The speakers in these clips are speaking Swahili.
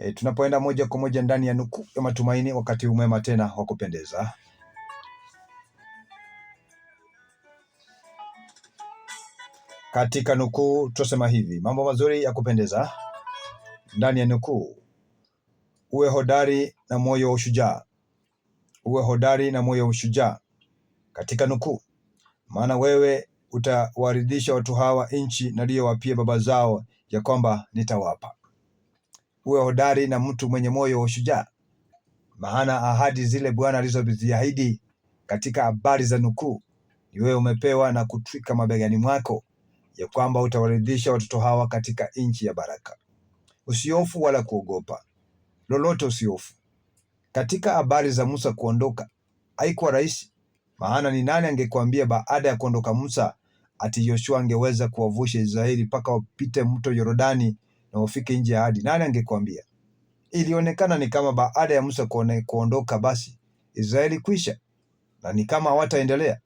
e, tunapoenda moja kwa moja ndani ya nukuu ya matumaini, wakati umwema tena wa kupendeza. Katika nukuu tusema hivi, mambo mazuri ya kupendeza ndani ya nukuu: uwe hodari na moyo wa ushujaa, uwe hodari na moyo wa ushujaa. Katika nukuu: maana wewe utawaridhisha watu hawa nchi naliyowapia baba zao, ya kwamba nitawapa uwe hodari na mtu mwenye moyo wa ushujaa, maana ahadi zile Bwana alizoziahidi katika habari za nukuu ni wewe umepewa na kutwika mabegani mwako, ya kwamba utawaridhisha watoto hawa katika nchi ya baraka. Usiofu wala kuogopa lolote, usiofu. Katika habari za Musa kuondoka haikuwa rahisi, maana ni nani angekuambia baada ya kuondoka Musa ati Yoshua angeweza kuwavusha Israeli mpaka wapite mto Yordani na ufike nje ya ahadi. Nani angekwambia? Ilionekana ni kama baada ya Musa kuondoka, basi Israeli kwisha na ni kama hawataendelea.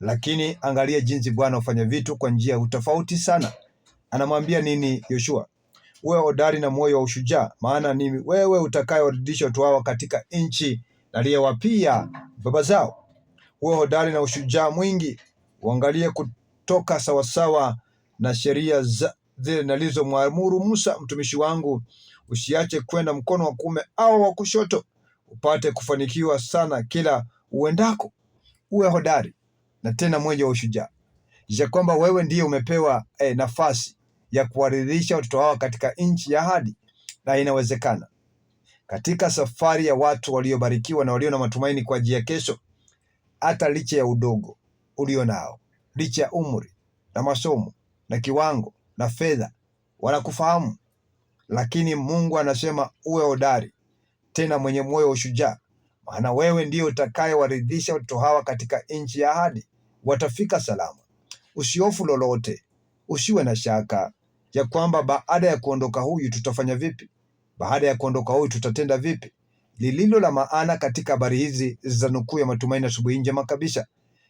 Lakini angalia jinsi Bwana ufanya vitu kwa njia utofauti sana. Anamwambia nini Yoshua? Uwe hodari na moyo wa ushujaa, maana ni wewe utakayewarudisha watu hawa katika nchi naliyewapia baba zao. Uwe hodari na ushujaa mwingi, uangalie kutoka sawasawa na sheria za, zile nalizomwamuru Musa mtumishi wangu, usiache kwenda mkono wa kuume au wa kushoto, upate kufanikiwa sana kila uendako. Uwe hodari na tena mwenye ushujaa, ya kwamba wewe ndiye umepewa eh, nafasi ya kuwaridhisha watoto hawa katika nchi ya ahadi, na inawezekana katika safari ya watu waliobarikiwa na walio na matumaini kwa ajili ya kesho, hata licha ya udogo ulio nao, licha ya umri na masomo na kiwango na fedha, wanakufahamu. Lakini Mungu anasema uwe hodari, tena mwenye moyo wa ushujaa, maana wewe ndiyo utakayewaridhisha watoto hawa katika nchi ya ahadi. Watafika salama. Usihofu lolote, usiwe na shaka ya kwamba baada ya kuondoka huyu tutafanya vipi, baada ya kuondoka huyu tutatenda vipi. Lililo la maana katika habari hizi za nukuu ya matumaini asubuhi njema kabisa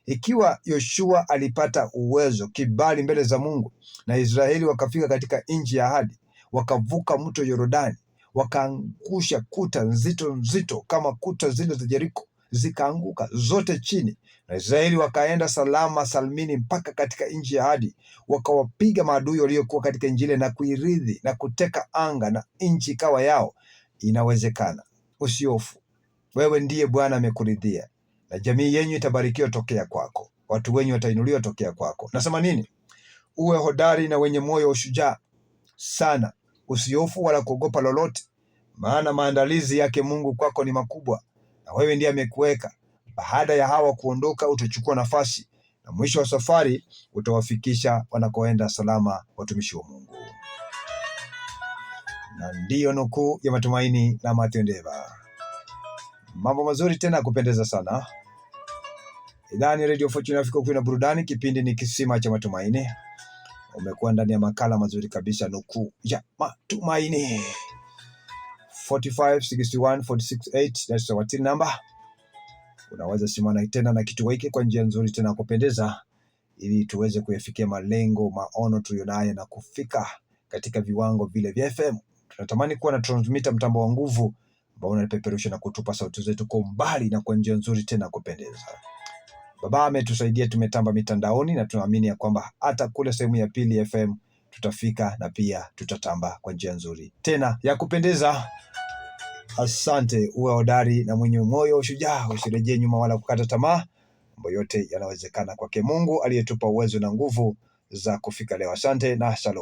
ikiwa Yoshua alipata uwezo, kibali mbele za Mungu na Israeli wakafika katika nchi ya ahadi, wakavuka mto Yordani, wakaangusha kuta nzito nzito kama kuta zile za Jeriko, zikaanguka zote chini, na Israeli wakaenda salama salmini mpaka katika nchi ya ahadi, wakawapiga maadui waliokuwa katika nchi ile na kuiridhi na kuteka anga na nchi ikawa yao. Inawezekana, usiofu wewe ndiye Bwana amekuridhia na jamii yenyu itabarikiwa tokea kwako, watu wenyu watainuliwa tokea kwako. Nasema nini? Uwe hodari na wenye moyo wa ushujaa sana, usiofu wala kuogopa lolote, maana maandalizi yake Mungu kwako ni makubwa, na wewe ndiye amekuweka. Baada ya hawa kuondoka, utachukua nafasi na mwisho wa safari utawafikisha wanakoenda salama, watumishi wa Mungu. Na ndiyo nukuu ya matumaini na Mathew Ndeva. Mambo mazuri tena ya kupendeza sana. Idhaa ni Radio Fortune Africa kwa burudani. Kipindi ni kisima cha matumaini. Umekuwa ndani ya makala mazuri kabisa, nukuu ya matumaini 4561468 number. Unaweza simana tena na kitu kituweke kwa njia nzuri tena kupendeza, ili tuweze kuyafikia malengo maono tuliyonayo na kufika katika viwango vile vya FM. Tunatamani kuwa na transmitter, mtambo wa nguvu ambao unapeperusha na kutupa sauti zetu kwa mbali na kwa njia nzuri tena kupendeza. Baba ametusaidia, tumetamba mitandaoni na tunaamini ya kwamba hata kule sehemu ya pili FM tutafika na pia tutatamba kwa njia nzuri tena ya kupendeza. Asante, uwe hodari na mwenye moyo shujaa usirejee nyuma wala kukata tamaa. Mambo yote yanawezekana kwake Mungu aliyetupa uwezo na nguvu za kufika leo. Asante na shalom.